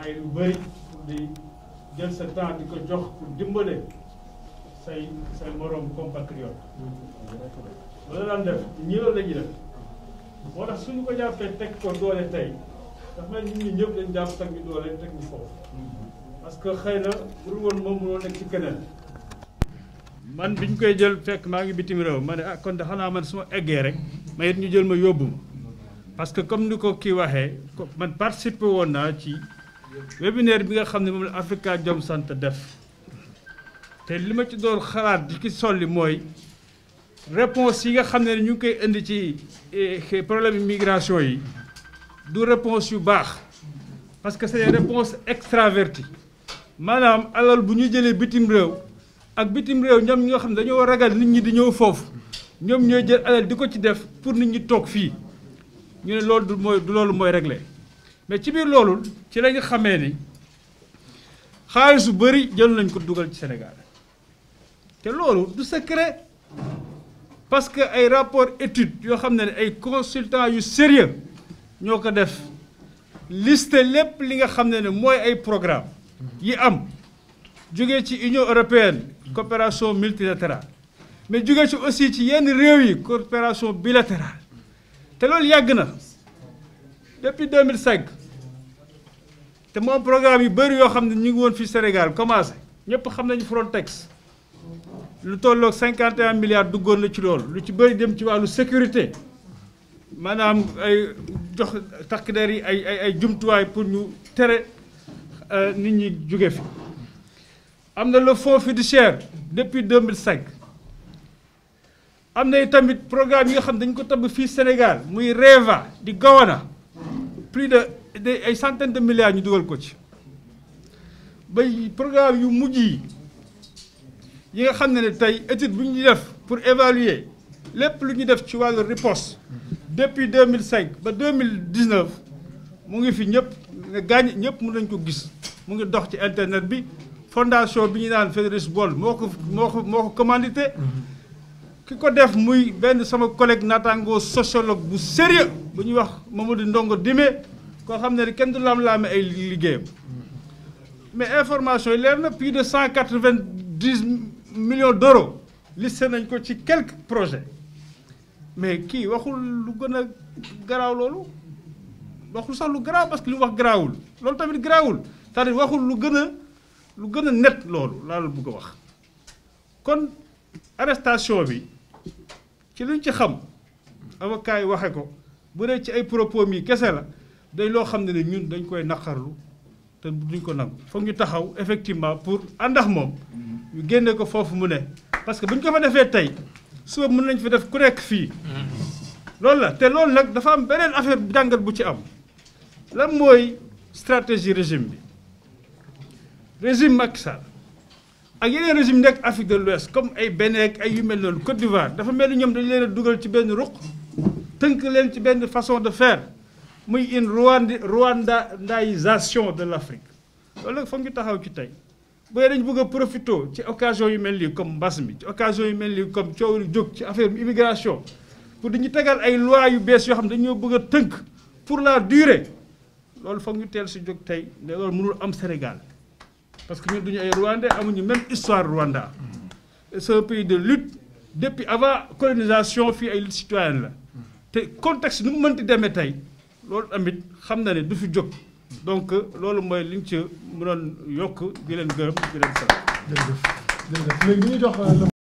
bàyyi lu bari pour di jël sa temps di ko jox pour dimbale say say moroom compatriote loolu daan def ñii loolu la moo tax suñu ko jàppee teg ko doole tey dafa mel nit ñi ñëpp dañ jàpp teg ñu doole teg foofu parce que xëy na pour woon moom mënoo nekk ci keneen man bi ñu koy jël fekk maa ngi bitim réew ma ne ah kon de man su ma eggee rek ma ñu jël ma yóbbu ma parce que comme ni ko kii waxee man participe woon naa ci webinaire bi nga xam ne moom la Africa Jom Center def te li ma ci doon xalaat di ki solli mooy réponse yi nga xam ne ñu ngi koy indi ci eh, problème immigration yi du réponse yu baax parce que c'est des réponses extraverties maanaam alal bu ñuy jëlee bitim réew ak bitim réew ñoom ñoo xam ne dañoo ragal nit ñi di ñëw foofu ñoom ñooy jël alal di ko ci def pour nit ñi toog fii ñu ne loolu du loolu mooy réglé mais ci biir loolu ci la nga xamee ni xaalis bu bëri jël nañ ko dugal ci Sénégal te loolu du secret parce que ay rapport étude yoo xam ne ne ay consultants yu sérieux ñoo ko def liste lépp li nga xam ne ne mooy ay programme yi am jógee ci Union européenne coopération multilatérale mais jógee ci aussi ci yenn réew yi copération bilatérale te loolu yàgg na depuis cinq te moom programme yu bëri yoo xam ne ñu ngi woon fii Sénégal commencé ñëpp xam nañu Frontex lu tolloog 51 milliards duggoon na ci loolu lu ci bëri dem ci wàllu sécurité maanaam ay jox takk der yi ay ay jumtuwaay pour ñu tere euh, nit ñi jóge fi am na le di fiduciaire depuis 2005 am na tamit programme yi nga xam dañ ko tabb fii Sénégal muy REVA di Gawana plus de de ay centaines de milliards ñu dugal ko ci bay programme yu mujj yi yi nga xam ne ne tey étude bu ñu def pour évaluer lépp lu ñu def ci wàllu riposte depuis mille 2005 ba 2019 mu ngi fi ñëpp nga gaañ ñëpp mën nañ ko gis mu ngi dox ci internet bi fondation bi ñu naan Federic Bol moo ko moo ko moo ko commandité ki ko def muy benn sama collègue naataango sociologue bu sérieux ba ñu wax Mamadou Ndongo Dime koo xam ne kenn du lam-laame ay liggéeyam mais information yi leer na plus de cent quatre-vingt-dix millions d'euros listé nañ ko ci quelques projet mais kii waxul lu gën a garaaw loolu waxul sax lu garaaw parce que lu wax garaawul loolu tamit garaawul cest waxul lu gën a lu gën a net loolu laalul bëgg a wax kon arrestation bi ci luñ ci xam avocat yi waxe ko bu dee ci ay propos mi kese la day loo xam ne ne ñun dañ koy naqarlu te duñ ko nangu foog ñu taxaw effectivement pour àndax moom mm-hmm. ñu génne ko foofu mu ne parce que bu ñu ko fa defee tey suba mun nañ fi def ku nekk fii mm-hmm. loolu la te loolu nag dafa am beneen affaire jàngat bu ci am lan mooy stratégie régime bi régime Macky Sall ak yeneen régime nekk Afrique de l'Ouest comme ay Bénin ak ay yu mel noonu Côte d'Ivoire dafa mel ni ñoom dañu leen dugal ci benn ruq tënk leen ci benn façon de faire muy une Rwanda rwandaisation de l'Afrique loolu nag foog ñu taxaw ci tey bu dañ bëgg a profité ci occasion yu mel nii comme mbas mi ci occasion yu mel nii comme coow lu jóg ci affaire immigration pour di ñu tegal ay loi yu bees yoo xam ne dañoo bëgg a tënk pour la durée loolu foog ñu teel si jóg tey ne mënul am Sénégal parce que ñu duñu ay Rwandais amuñu même histoire Rwanda c'est un pays de lutte depuis avant colonisation fii ay lutte la te contexte nu mu mënti demee tey loolu tamit xam na ne du fi jóg donc loolu mooy li ñu ci mënoon yokk di leen gërëm di leen sant. jox euh,